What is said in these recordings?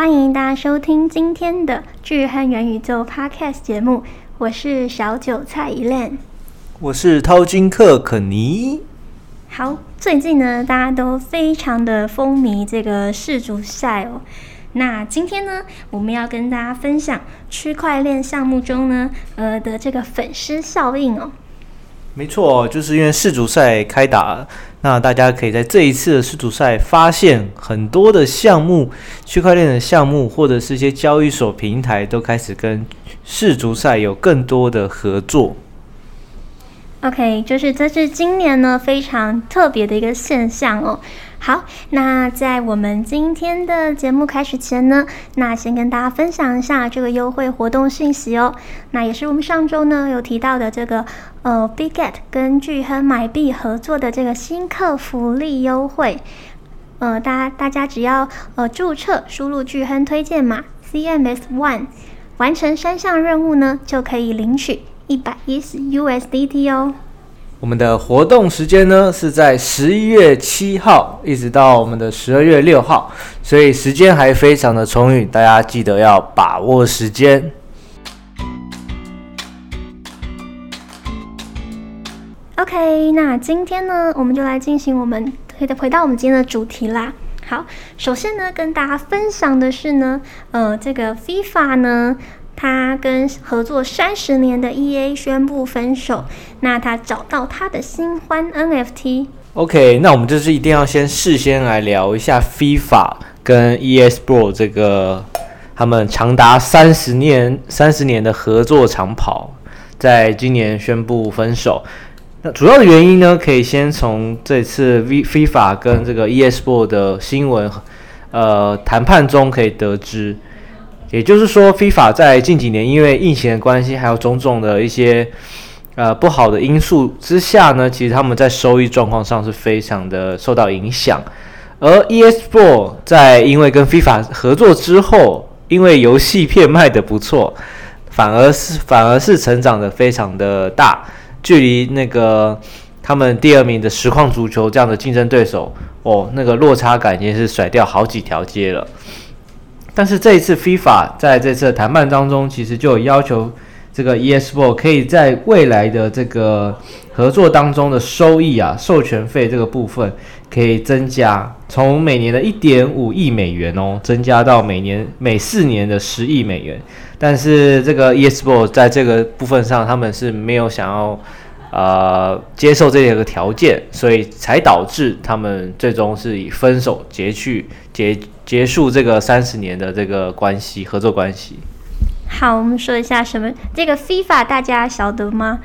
歡迎大家收聽今天的《鉅亨元宇宙 podcast》podcast 節目，我是小韭菜 Elaine，我是淘金客肯尼。好，最近呢，大家都非常的風靡這個世足賽哦。那今天呢，我們要跟大家分享區塊鏈項目中呢，呃的這個粉絲效應哦。沒錯，就是因為世足賽開打。那大家可以在這一次的世足賽發現很多的項目，區塊鏈的項目或者是一些交易所平台都開始跟世足賽有更多的合作。OK，就是這是今年呢非常特別的一個現象哦。好，那在我們今天的節目開始前呢，那先跟大家分享一下這個優惠活動信息哦。那也是我們上周呢有提到的這個，呃，Biget 跟鉅亨買幣合作的這個新客福利優惠。呃，大家大家只要呃注冊，輸入鉅亨推薦碼 CMS One，完成三項任務呢，就可以領取一百一十 USDT 哦。我們的活動時間呢是在十一月七號一直到我們的十二月六號，所以時間還非常的充裕，大家記得要把握時間。OK，那今天呢，我們就來進行我們回到我們今天的主題啦。好，首先呢，跟大家分享的是呢，呃，這個 FIFA 呢，他跟合作三十年的 EA 宣布分手，那他找到他的新歡 NFT。OK，那我們就是一定要先事先來聊一下 FIFA 跟 ESport 這個他們長達三十年三十年的合作長跑，在今年宣布分手。那主要的原因呢，可以先從這次 V FIFA 跟這個 ESport 的新聞呃談判中可以得知。也就是說，FIFA 在近幾年因為疫情的關係，還有種種的一些呃不好的因素之下呢，其實他們在收益狀況上是非常的受到影響。而 EA Sports 在因為跟 FIFA 合作之後，因為遊戲片賣得不錯，反而是反而是成長得非常的大，距離那個他們第二名的實況足球這樣的競爭對手哦，那個落差感已經是甩掉好幾條街了。但是這一次 FIFA 在這次談判當中，其實就有要求這個 ESBO 可以在未來的這個合作當中的收益啊，授權費這個部分可以增加，從每年的一點五億美元哦，增加到每年每四年的十億美元。但是這個 ESBO 在這個部分上，他們是沒有想要。呃，接受這兩個條件，所以才導致他們最終是以分手結去結結束這個三十年的這個關係，合作關係。好，我們說一下什麼，這個 FIFA 大家曉得嗎？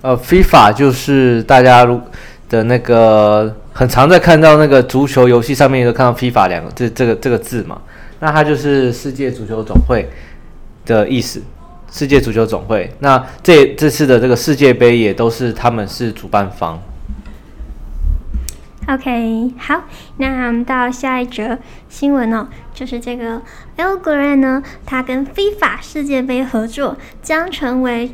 呃，FIFA 就是大家如的那個，很常在看到那個足球遊戲上面都看到 FIFA 兩個這這個這個字嘛，那它就是世界足球總會的意思。世界足球總會，那這這次的這個世界杯也都是他們是主辦方。OK，好，那我們到下一則新聞哦、喔，就是這個 Algorand 呢，它跟 FIFA 世界杯合作，將成為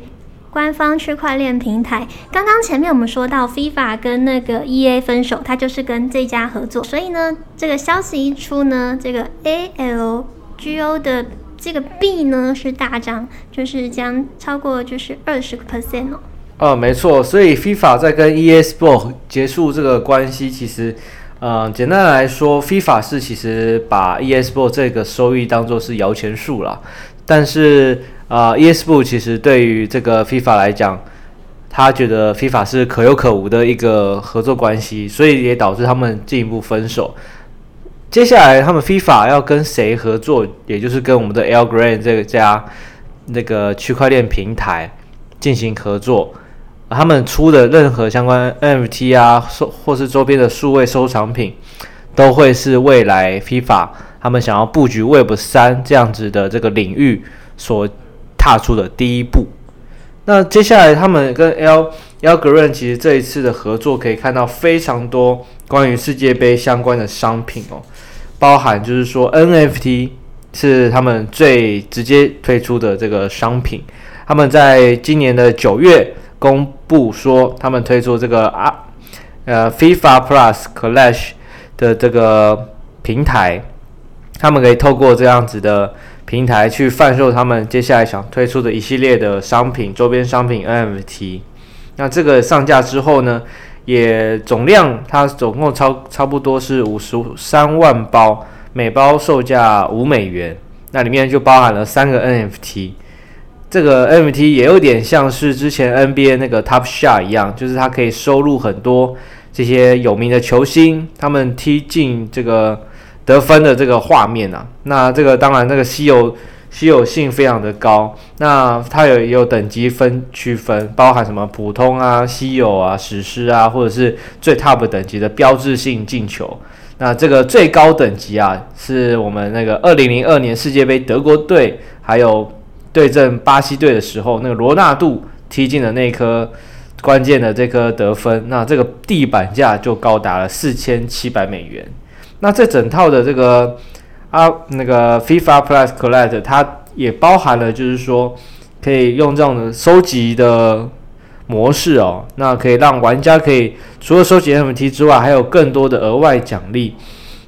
官方區塊鏈平台。剛剛前面我們說到 FIFA 跟那個 EA 分手，它就是跟這家合作，所以呢，這個消息一出呢，這個 Algo 的。這個幣呢是大漲，就是將超過就是二十個 percent 哦、呃。沒錯，所以 FIFA 在跟 e s b o 結束這個關係，其實，呃，簡單來說，FIFA 是其實把 e s b o 這個收益當做是搖錢樹了。但是啊，e s b o 其實對於這個 FIFA 來講，他覺得 FIFA 是可有可無的一個合作關係，所以也導致他們進一步分手。接下來，他們 FIFA 要跟誰合作？也就是跟我們的 Algorand 這家那、這個區塊鏈平台進行合作。他們出的任何相關 NFT 啊，收或是周邊的數位收藏品，都會是未來 FIFA 他們想要布局 Web 三這樣子的這個領域所踏出的第一步。那接下來，他們跟 Algorand 其實這一次的合作可以看到非常多關於世界盃相關的商品哦，包含就是說 NFT 是他們最直接推出的這個商品。他們在今年的九月公布說，他們推出這個啊，呃 FIFA Plus Clash 的這個平台，他們可以透過這樣子的。平台去販售他們接下來想推出的一系列的商品、周邊商品 NFT。那這個上架之後呢，也總量它總共超差不多是五十三萬包，每包售價五美元。那裡面就包含了三個 NFT。這個 NFT 也有點像是之前 NBA 那個 Top Shot 一樣，就是它可以收錄很多這些有名的球星，他們踢進這個。得分的這個畫面啊，那這個當然那個稀有稀有性非常的高，那它有也有等級分區分，包含什麼普通啊、稀有啊、史詩啊，或者是最 top 等級的標誌性進球。那這個最高等級啊，是我們那個二零零二年世界盃德國隊還有對陣巴西隊的時候，那個羅納度踢進的那顆關鍵的這顆得分，那這個地板價就高達了四千七百美元。那這整套的這個啊，那個 FIFA Plus Collect，它也包含了，就是說可以用這種收集的模式哦。那可以讓玩家可以除了收集 NFT 之外，還有更多的額外獎勵。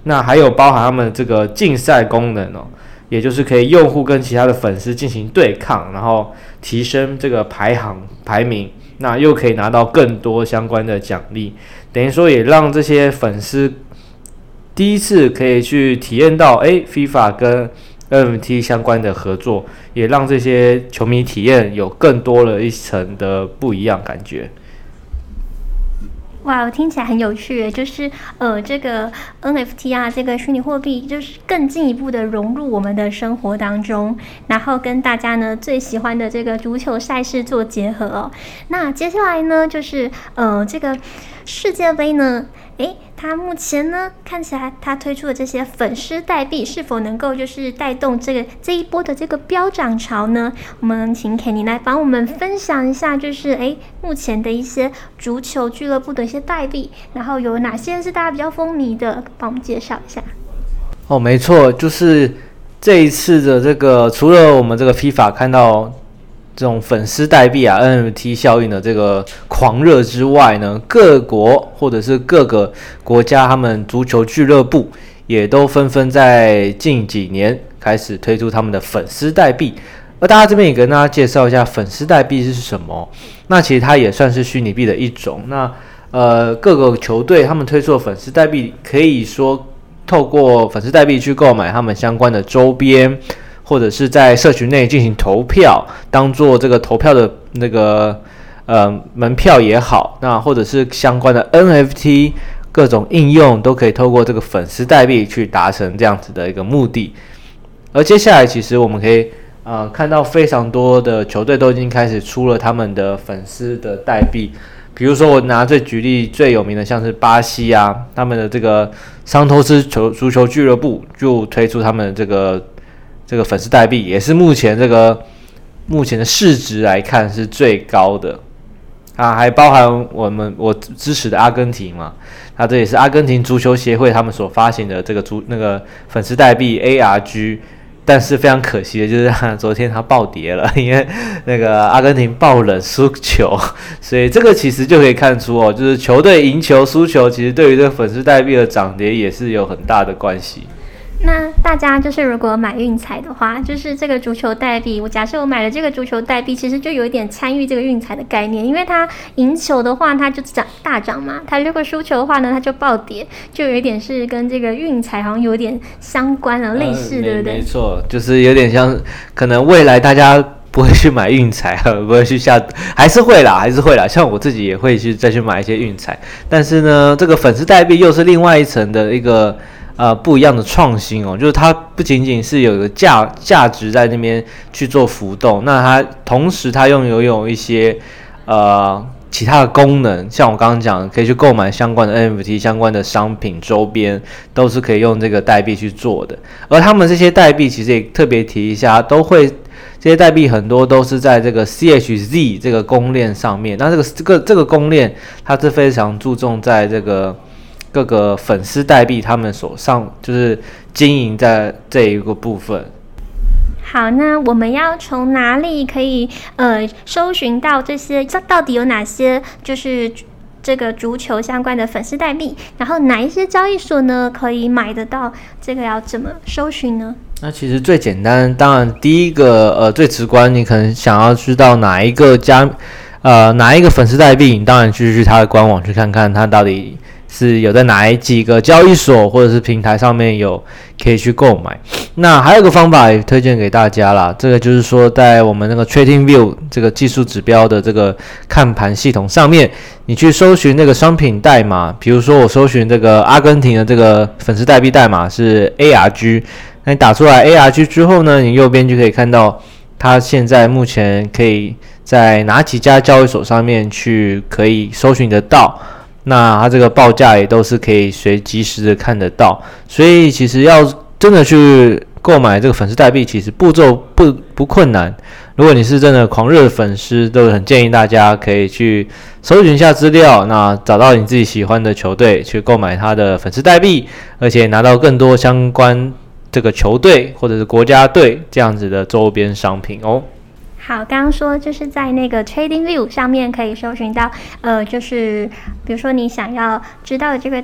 那還有包含他們這個競賽功能哦，也就是可以用戶跟其他的粉絲進行對抗，然後提升這個排行排名，那又可以拿到更多相關的獎勵。等於說也讓這些粉絲。第一次可以去體驗到，誒 FIFA 跟 NFT 相關的合作，也讓這些球迷體驗有更多了一層的不一樣感覺。哇，我聽起來很有趣，就是呃，這個 NFT 啊，這個虛擬貨幣，就是更進一步的融入我們的生活當中，然後跟大家呢最喜歡的這個足球賽事做結合哦。那接下來呢，就是呃，這個。世界盃呢？誒，他目前呢看起來，他推出的這些粉絲代幣是否能夠就是帶動這個這一波的這個飆漲潮呢？我們請 Kenny 來幫我們分享一下，就是誒，目前的一些足球俱樂部的一些代幣，然後有哪些是大家比較風靡的，幫我們介紹一下。哦，沒錯，就是這一次的這個，除了我們這個 FIFA 看到。這種粉絲代幣啊，NFT 效應的這個狂熱之外呢，各國或者是各個國家，他們足球俱樂部也都紛紛在近幾年開始推出他們的粉絲代幣。而大家這邊也跟大家介紹一下粉絲代幣是什麼？那其實它也算是虛擬幣的一種。那呃，各個球隊他們推出的粉絲代幣，可以說透過粉絲代幣去購買他們相關的周邊。或者是在社群內進行投票，當做這個投票的那個呃門票也好，那或者是相關的 NFT 各種應用都可以透過這個粉絲代幣去達成這樣子的一個目的。而接下來其實我們可以啊、呃、看到非常多的球隊都已經開始出了他們的粉絲的代幣，比如說我拿最舉例最有名的像是巴西啊，他們的這個桑托斯球足球俱樂部就推出他們的這個。這個粉絲代幣也是目前這個目前的市值來看是最高的啊，還包含我們我支持的阿根廷嘛？它、啊、這也是阿根廷足球協會他們所發行的這個足那個粉絲代幣 ARG，但是非常可惜的就是昨天它暴跌了，因為那個阿根廷爆冷輸球，所以這個其實就可以看出哦，就是球隊贏球輸球，其實對於這個粉絲代幣的漲跌也是有很大的關係。那大家就是如果買運彩的話，就是這個足球代幣。我假設我買了這個足球代幣，其實就有一點參與這個運彩的概念，因為它贏球的話，它就漲大漲嘛；它如果輸球的話呢，它就暴跌，就有一點是跟這個運彩好像有點相關了、啊呃，類似的對對。沒錯，就是有點像，可能未來大家不會去買運彩，不會去下，還是會啦，還是會啦。像我自己也會去再去買一些運彩，但是呢，這個粉絲代幣又是另外一層的一個。呃，不一樣的創新哦，就是它不僅僅是有一個價價值在那邊去做浮動，那它同時它又有有一些呃其他的功能，像我剛剛講的可以去購買相關的 NFT 相關的商品周邊，都是可以用這個代幣去做的。而他們這些代幣其實也特別提一下，都會這些代幣很多都是在這個 CHZ 這個公鏈上面。那這個這個這個公鏈，它是非常注重在這個。各個粉絲代幣，他們所上就是經營在這一個部分。好，那我們要從哪裡可以呃搜尋到這些到底有哪些？就是這個足球相關的粉絲代幣，然後哪一些交易所呢可以買得到？這個要怎麼搜尋呢？那其實最簡單，當然第一個呃最直觀，你可能想要知道哪一個家呃哪一個粉絲代幣，你當然去去他的官網去看看它到底。是有在哪幾個交易所或者是平台上面有可以去購買？那還有一個方法也推薦給大家啦，這個就是說在我們那個 TradingView 這個技術指標的這個看盤系統上面，你去搜尋那個商品代碼，比如說我搜尋這個阿根廷的這個粉絲代幣代碼是 ARG，那你打出來 ARG 之後呢，你右邊就可以看到它現在目前可以在哪幾家交易所上面去可以搜尋得到。那它這個報價也都是可以隨即時的看得到，所以其實要真的去購買這個粉絲代幣，其實步驟不不困難。如果你是真的狂熱粉絲，都很建議大家可以去搜尋一下資料，那找到你自己喜歡的球隊去購買它的粉絲代幣，而且拿到更多相關這個球隊或者是國家隊這樣子的週邊商品哦。好，剛剛說就是在那個 TradingView 上面可以搜尋到，呃，就是比如說你想要知道這個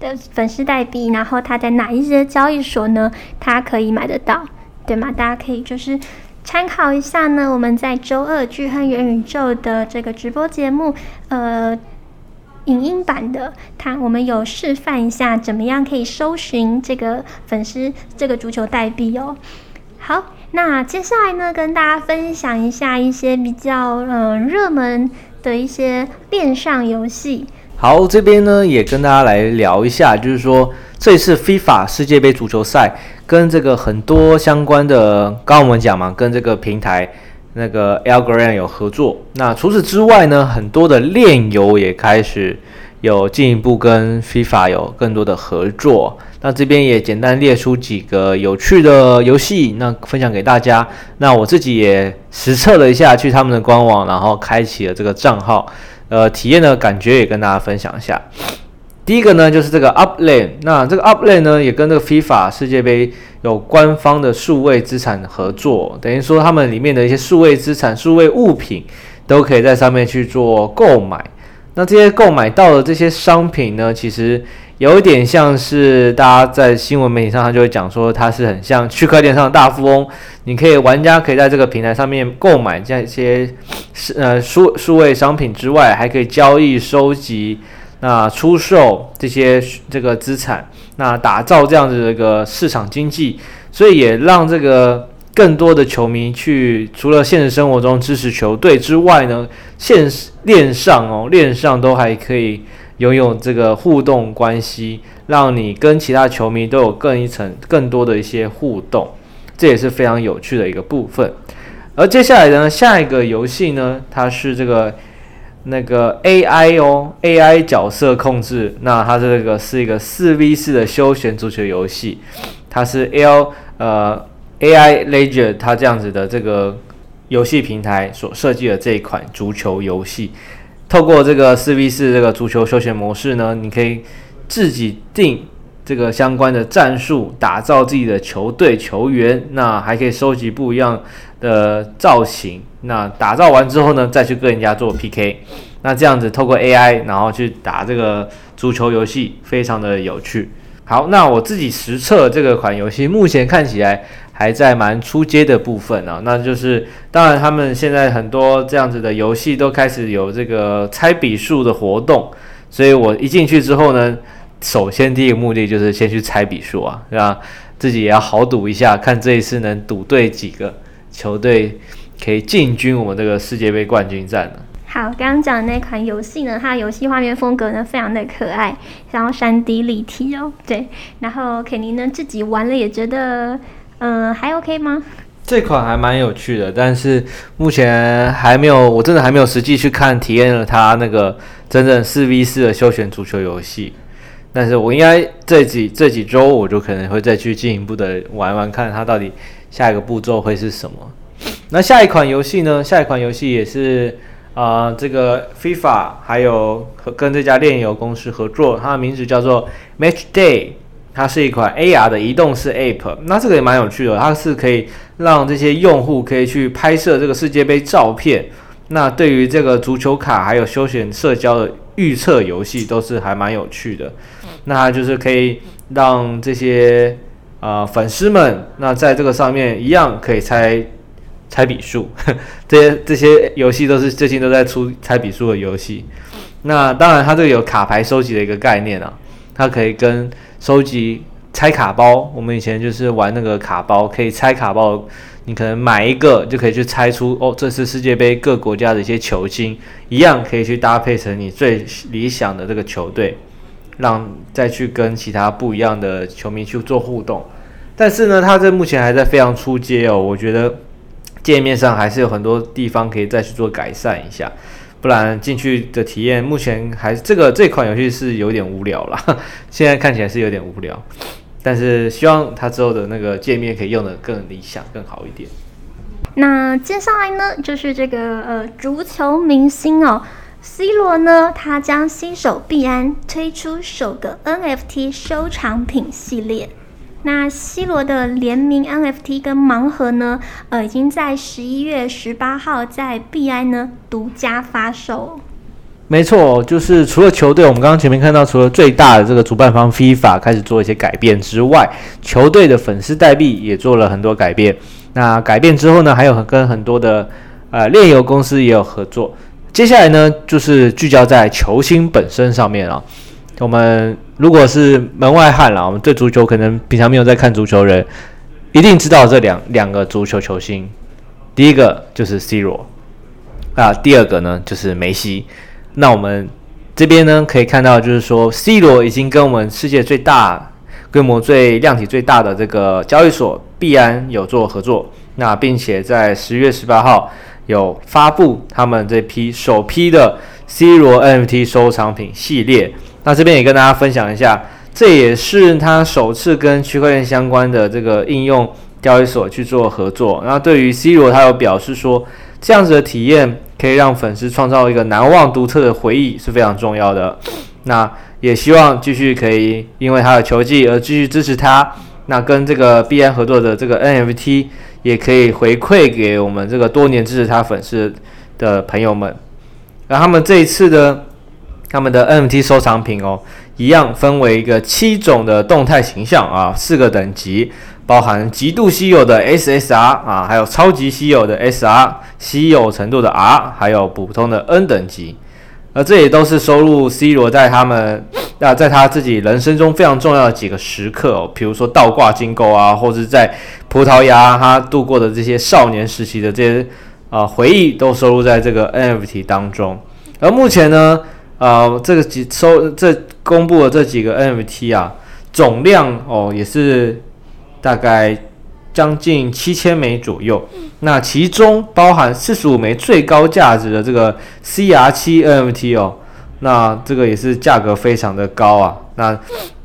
的粉絲代幣，然後它在哪一些交易所呢？它可以買得到，對嗎？大家可以就是參考一下呢。我們在周二鉅亨元宇宙的這個直播節目，呃，影音版的，它我們有示範一下怎麼樣可以搜尋這個粉絲這個足球代幣哦。好。那接下來呢，跟大家分享一下一些比較嗯呃熱門的一些鏈上遊戲。好，這邊呢也跟大家來聊一下，就是說這次 FIFA 世界杯足球賽跟這個很多相關的，剛我們講嘛，跟這個平台那個 Algorand 有合作。那除此之外呢，很多的鏈遊也開始有進一步跟 FIFA 有更多的合作。那這邊也簡單列出幾個有趣的遊戲，那分享給大家。那我自己也實測了一下，去他們的官網，然後開啟了這個賬號，呃，體驗的感覺也跟大家分享一下。第一個呢就是這個 Upland，那這個 Upland 呢也跟這個 FIFA 世界杯有官方的數位資產合作，等於說他們裡面的一些數位資產、數位物品都可以在上面去做購買。那這些購買到的這些商品呢，其實。有點像是大家在新聞媒體上，他就會講說，他是很像區塊鏈上的大富翁。你可以玩家可以在這個平台上面購買這樣一些，呃數數位商品之外，還可以交易、收集、那出售這些這個資產，那打造這樣子的這個市場經濟，所以也讓這個更多的球迷去除了現實生活中支持球隊之外呢，現實鏈上哦鏈上都還可以。擁有這個互動關係，讓你跟其他球迷都有更一層、更多的一些互動，這也是非常有趣的一個部分。而接下來呢，下一個遊戲呢，它是這個那個 AI 哦，AI 角色控制，那它這個是一個四 V 四的休閒足球遊戲，它是 L 呃 AI Ledger 它這樣子的這個遊戲平台所設計的這一款足球遊戲。透過這個 4V4 這個足球休閒模式呢，你可以自己定這個相關的戰術，打造自己的球隊球員，那還可以收集不一樣的造型。那打造完之後呢，再去跟人家做 PK。那這樣子透過 AI，然後去打這個足球遊戲，非常的有趣。好，那我自己實測這個款遊戲，目前看起來還在蠻初階的部分啊。那就是，當然他們現在很多這樣子的遊戲都開始有這個猜比數的活動，所以我一進去之後呢，首先第一個目的就是先去猜比數啊，對吧？自己也要豪賭一下，看這一次能賭對幾個球隊可以進軍我們這個世界杯冠軍戰了。好，剛剛講的那款遊戲呢，它的遊戲畫面風格呢非常的可愛，然後三 D 立體哦，對，然後肯尼呢自己玩了也覺得，嗯、呃，還 OK 嗎？這款還蠻有趣的，但是目前還沒有，我真的還沒有實際去看體驗了它那個真正四 V 四的休閒足球遊戲。但是我應該這幾這幾週我就可能會再去進一步的玩玩看它到底下一個步驟會是什麼。那下一款遊戲呢？下一款遊戲也是。啊、呃，這個 FIFA 還有和跟這家鏈遊公司合作，它的名字叫做 Match Day，它是一款 AR 的移動式 App。那這個也蠻有趣的，它是可以讓這些用戶可以去拍攝這個世界杯照片。那對於這個足球卡還有休閒社交的預測遊戲，都是還蠻有趣的。那它就是可以讓這些呃粉絲們，那在這個上面一樣可以猜。猜比數，這些這些遊戲都是最近都在出猜比數的遊戲。那當然，它這個有卡牌收集的一個概念啊，它可以跟收集拆卡包。我們以前就是玩那個卡包，可以拆卡包，你可能買一個就可以去拆出哦。這次世界杯各國家的一些球星，一樣可以去搭配成你最理想的這個球隊，讓再去跟其他不一樣的球迷去做互動。但是呢，它這目前還在非常初階哦，我覺得。界面上還是有很多地方可以再去做改善一下，不然進去的體驗目前還這個這款遊戲是有點無聊了，現在看起來是有點無聊，但是希望它之後的那個界面可以用得更理想、更好一點。那接下來呢，就是這個呃足球明星哦，C 羅呢，他將攜手幣安推出首個 NFT 收藏品系列。那 C 羅的聯名 NFT 跟盲盒呢，呃，已經在十一月十八號在幣安呢獨家發售。沒錯，就是除了球隊，我們剛剛前面看到，除了最大的這個主辦方 FIFA 開始做一些改變之外，球隊的粉絲代幣也做了很多改變。那改變之後呢，還有跟很多的呃鏈遊公司也有合作。接下來呢，就是聚焦在球星本身上面啊、哦。我們如果是門外漢啦，我們對足球可能平常沒有在看足球人，一定知道這兩兩個足球球星，第一個就是 C 羅啊，第二個呢就是梅西。那我們這邊呢可以看到，就是說 C 羅已經跟我們世界最大規模、最量體最大的這個交易所幣安有做合作，那並且在十月十八號有發布他們這批首批的 C 羅 NFT 收藏品系列。那這邊也跟大家分享一下，這也是他首次跟區塊鏈相關的這個應用交易所去做合作。那對於 C 羅，他有表示說，這樣子的體驗可以讓粉絲創造一個難忘獨特的回憶是非常重要的。那也希望繼續可以因為他的球技而繼續支持他。那跟這個 BN 合作的這個 NFT 也可以回饋給我們這個多年支持他粉絲的朋友們。那他們這一次的。他們的 NFT 收藏品哦，一樣分為一個七種的動態形象啊，四個等級，包含極度稀有的 SSR 啊，還有超級稀有的 SR，稀有程度的 R，還有普通的 N 等級。而這也都是收錄 C 羅在他們那、啊、在他自己人生中非常重要的幾個時刻、哦，比如說倒掛金鈎啊，或者是在葡萄牙、啊、他度過的這些少年時期的這些啊回憶，都收錄在這個 NFT 當中。而目前呢，呃，這個幾收這公布的這幾個 NFT 啊，總量哦，也是大概將近七千枚左右。那其中包含四十五枚最高價值的這個 CR 七 NFT 哦，那這個也是價格非常的高啊。那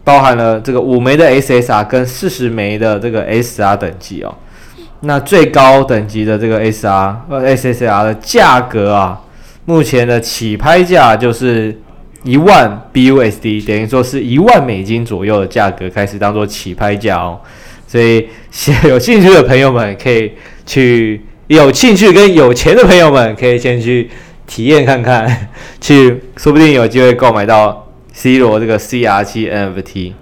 包含了這個五枚的 SSR 跟四十枚的這個 SR 等級哦。那最高等級的這個 SR 呃 SSR 的價格啊。目前的起拍價就是一萬 BUSD，等於說是一萬美金左右的價格開始當做起拍價哦。所以有興趣的朋友們可以去，有興趣跟有錢的朋友們可以先去體驗看看，去說不定有機會購買到 C 羅這個 CR7 NFT。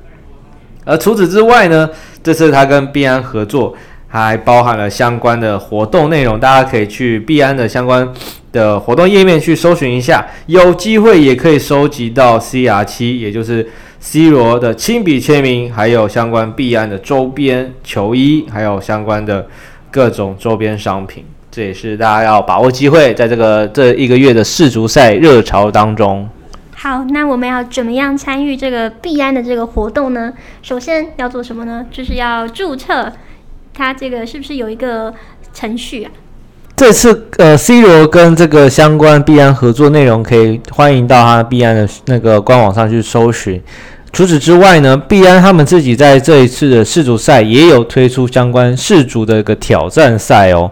而除此之外呢，這次他跟幣安合作。還包含了相關的活動內容，大家可以去幣安的相關的活動頁面去搜尋一下，有機會也可以收集到 CR7，也就是 C 羅的親筆簽名，還有相關幣安的周邊球衣，還有相關的各種周邊商品。這也是大家要把握機會，在這個這一個月的世足賽熱潮當中。好，那我們要怎麼樣參與這個幣安的這個活動呢？首先要做什麼呢？就是要註冊。他這個是不是有一個程序啊？這次呃，C 羅跟這個相關幣安合作內容，可以歡迎到他幣安的那個官網上去搜尋。除此之外呢，幣安他們自己在這一次的世足賽也有推出相關世足的一個挑戰賽哦。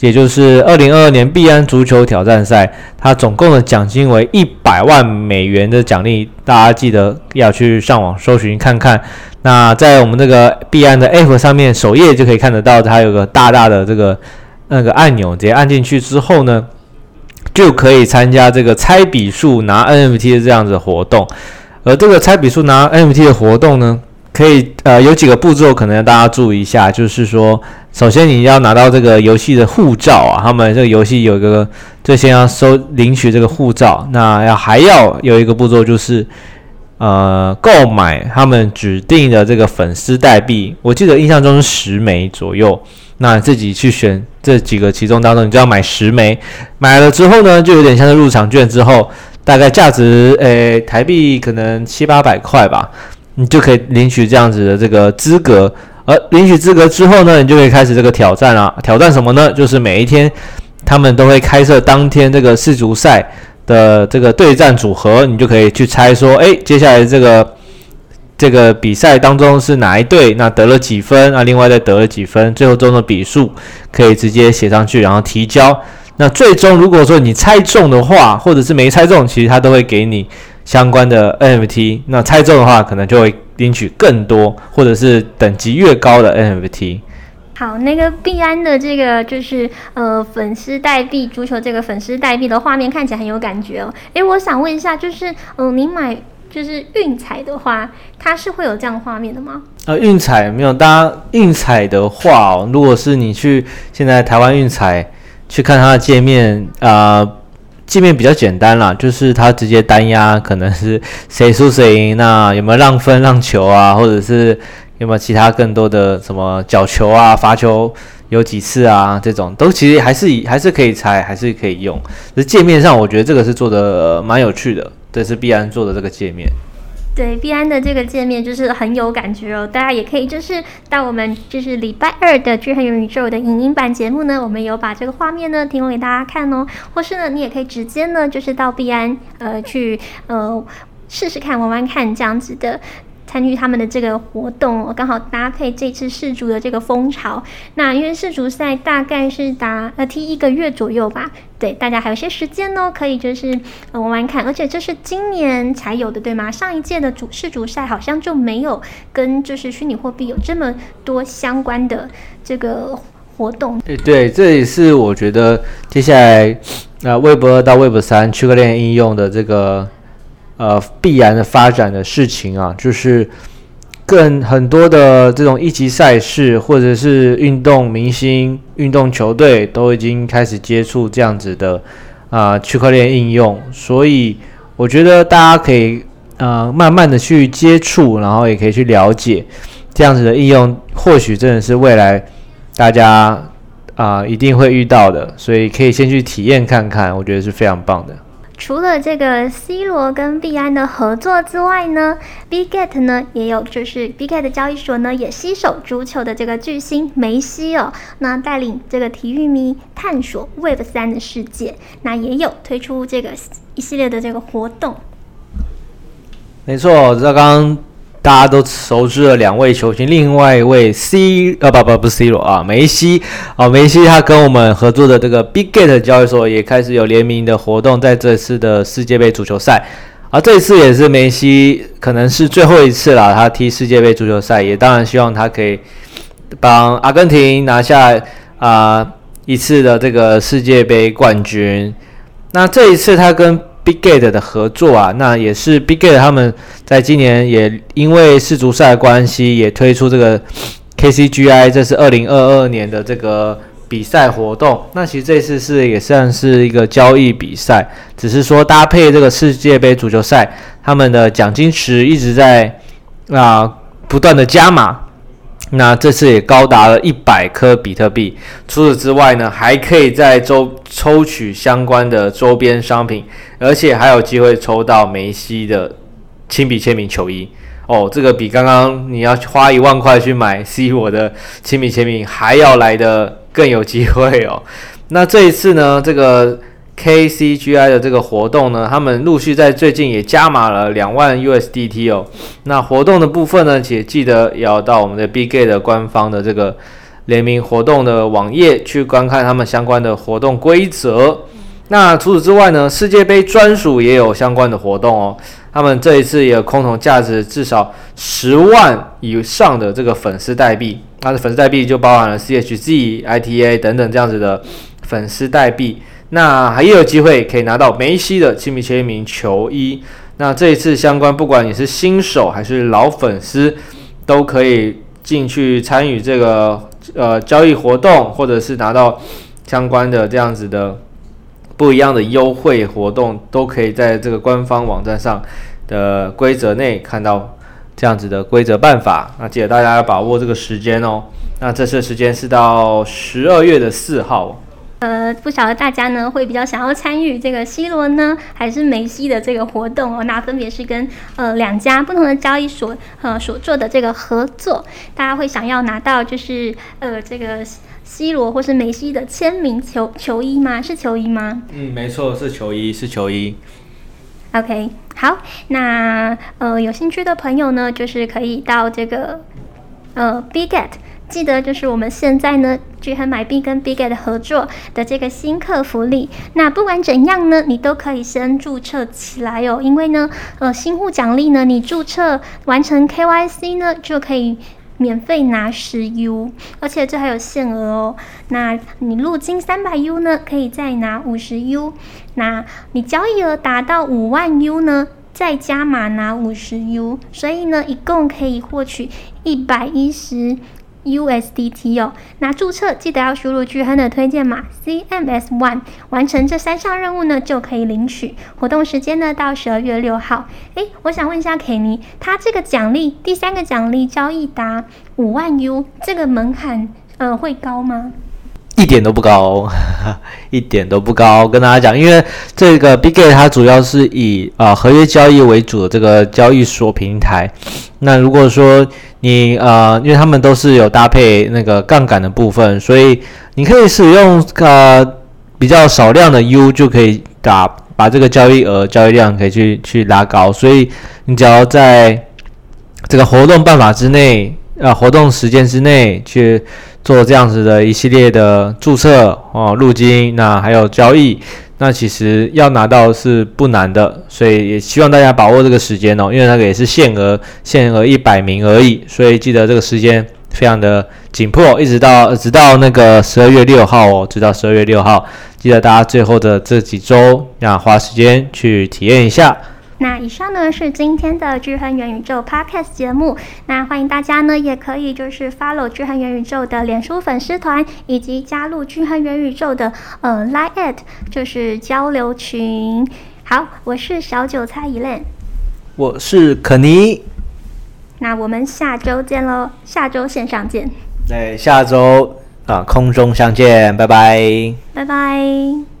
也就是二零二二年幣安足球挑戰賽，它總共的獎金為一百萬美元的獎勵，大家記得要去上網搜尋看看。那在我們這個幣安的 App 上面首頁就可以看得到，它有個大大的這個那個按鈕，直接按進去之後呢，就可以參加這個猜筆數拿 NFT 的這樣子活動。而這個猜筆數拿 NFT 的活動呢，可以呃有幾個步驟，可能要大家注意一下，就是說。首先，你要拿到這個遊戲的護照啊！他們這個遊戲有一個，最先要收領取這個護照，那要還要有一個步驟，就是呃購買他們指定的這個粉絲代幣。我記得印象中是十枚左右，那自己去選這幾個其中當中，你就要買十枚。買了之後呢，就有點像是入場券，之後大概價值誒、欸、台幣可能七八百塊吧，你就可以領取這樣子的這個資格。而領取資格之後呢，你就可以開始這個挑戰了。挑戰什麼呢？就是每一天，他們都會開設當天這個世足賽的這個對戰組合，你就可以去猜說，誒、欸，接下來這個這個比賽當中是哪一隊，那得了幾分？那另外再得了幾分？最後中的比數可以直接寫上去，然後提交。那最終如果說你猜中的話，或者是沒猜中，其實他都會給你，相關的 NFT，那猜中的話，可能就會領取更多，或者是等級越高的 NFT。好，那個幣安的這個就是呃粉絲代幣足球這個粉絲代幣的畫面看起來很有感覺哦。誒、欸，我想問一下，就是嗯，您、呃、買就是運彩的話，它是會有這樣的畫面的嗎？呃，運彩沒有，大家運彩的話、哦、如果是你去現在台灣運彩去看它的界面啊。呃界面比較簡單啦，就是它直接單押，可能是誰輸誰贏，那有沒有讓分讓球啊，或者是有沒有其他更多的什麼角球啊、罰球有幾次啊，這種都其實還是以還是可以猜，還是可以用。這界面上我覺得這個是做的蠻、呃、有趣的，這是幣安做的這個界面。對，幣安的這個界面就是很有感覺哦。大家也可以就是到我們就是禮拜二的《鉅亨元宇宙》的影音版節目呢，我們有把這個畫面呢提供給大家看哦。或是呢，你也可以直接呢就是到幣安呃去呃試試看玩玩看這樣子的。參與他們的這個活動，我剛好搭配這次世足的這個風潮。那因為世足賽大概是打呃踢一個月左右吧，對，大家還有些時間呢，可以就是玩玩看。而且這是今年才有的，對嗎？上一屆的主世足賽好像就沒有跟就是虛擬貨幣有這麼多相關的這個活動。對、欸、對，這也是我覺得接下來那、呃、Web 二到 Web 三區塊鏈應用的這個。呃，必然的發展的事情啊，就是更很多的這種一級賽事或者是運動明星、運動球隊都已經開始接觸這樣子的啊區塊鏈應用，所以我覺得大家可以呃慢慢的去接觸，然後也可以去了解這樣子的應用，或許真的是未來大家啊，呃，一定會遇到的，所以可以先去體驗看看，我覺得是非常棒的。除了這個 C 羅跟幣安的合作之外呢，Bitget 呢也有，就是 Bitget 交易所呢也攜手足球的這個巨星梅西哦，那帶領這個體育迷探索 Web 三的世界，那也有推出這個一系列的這個活動。沒錯，這剛。大家都熟知了兩位球星，另外一位 C，呃、啊，不不不 C 羅啊，梅西啊，梅西他跟我們合作的這個 Bitget 交易所也開始有聯名的活動，在這次的世界杯足球賽。而、啊、這一次也是梅西可能是最後一次了，他踢世界杯足球賽，也當然希望他可以幫阿根廷拿下啊、呃、一次的這個世界杯冠軍。那這一次他跟 BigGate 的合作啊，那也是 BigGate 他們在今年也因為世足賽的關係，也推出這個 KCGI，這是二零二二年的這個比賽活動。那其實這次是也算是一個交易比賽，只是說搭配這個世界杯足球賽，他們的獎金池一直在啊、呃、不斷的加碼。那這次也高達了一百顆比特幣。除此之外呢，還可以在週抽取相關的週邊商品，而且還有機會抽到梅西的親筆簽名球衣哦。這個比剛剛你要花一萬塊去買 C 羅的親筆簽名還要來得更有機會哦。那這一次呢，這個。KCGI 的這個活動呢，他們陸續在最近也加碼了兩萬 USDT 哦。那活動的部分呢，也記得也要到我們的 BG 的官方的這個聯名活動的網頁去觀看他們相關的活動規則。那除此之外呢，世界盃專屬也有相關的活動哦。他們這一次也有空投價值至少十萬以上的這個粉絲代幣，它的粉絲代幣就包含了 CHZ、ITA 等等這樣子的粉絲代幣。那還有機會可以拿到梅西的親筆簽名球衣。那這一次相關，不管你是新手還是老粉絲，都可以進去參與這個呃交易活動，或者是拿到相關的這樣子的不一樣的優惠活動，都可以在這個官方網站上的規則內看到這樣子的規則辦法。那記得大家要把握這個時間哦。那這次的時間是到十二月的四號。呃，不曉得大家呢會比較想要參與這個 C 羅呢，還是梅西的這個活動哦？那分別是跟呃兩家不同的交易所呃所做的這個合作，大家會想要拿到就是呃這個 C 羅或是梅西的簽名球球衣嗎？是球衣嗎？嗯，沒錯，是球衣，是球衣。OK，好，那呃有興趣的朋友呢，就是可以到這個呃 Bitget 記得就是我們現在呢，鉅亨買幣跟 Bitget 合作的這個新客福利。那不管怎樣呢，你都可以先註冊起來哦，因為呢，呃，新戶獎勵呢，你註冊完成 KYC 呢，就可以免費拿十 U，而且這還有限額哦。那你入金三百 U 呢，可以再拿五十 U，那你交易額達到五萬 U 呢，再加碼拿五十 U，所以呢，一共可以獲取一百一十。USDT 哦，那注冊記得要輸入鉅亨的推薦碼 CMS1，完成這三項任務呢就可以領取。活動時間呢到十二月六號。誒、欸，我想問一下凱尼，他這個獎勵第三個獎勵交易達五萬 U 這個門檻，呃會高嗎？一點都不高，呵呵，一點都不高。跟大家講，因為這個 Bigate 它主要是以啊、呃、合約交易為主的這個交易所平台。那如果說你呃，因為他們都是有搭配那個槓桿的部分，所以你可以使用呃比較少量的 U 就可以打把這個交易額、交易量可以去去拉高。所以你只要在這個活動辦法之內。啊，活動時間之內去做這樣子的一系列的註冊哦、入金，那還有交易，那其實要拿到是不難的，所以也希望大家把握這個時間哦，因為那個也是限額，限額一百名而已，所以記得這個時間非常的緊迫，一直到直到那個十二月六號哦，直到十二月六號，記得大家最後的這幾周，要花時間去體驗一下。那以上呢，是今天的鉅亨元宇宙 Podcast 節目。那歡迎大家呢也可以就是 follow 鉅亨元宇宙的臉書粉絲團，以及加入鉅亨元宇宙的呃、uh, Line at 就是交流群。好，我是小韭菜 Elaine。我是可妮。那我們下周見嘍，下周線上見。對、哎，下周啊空中相見，拜拜。拜拜。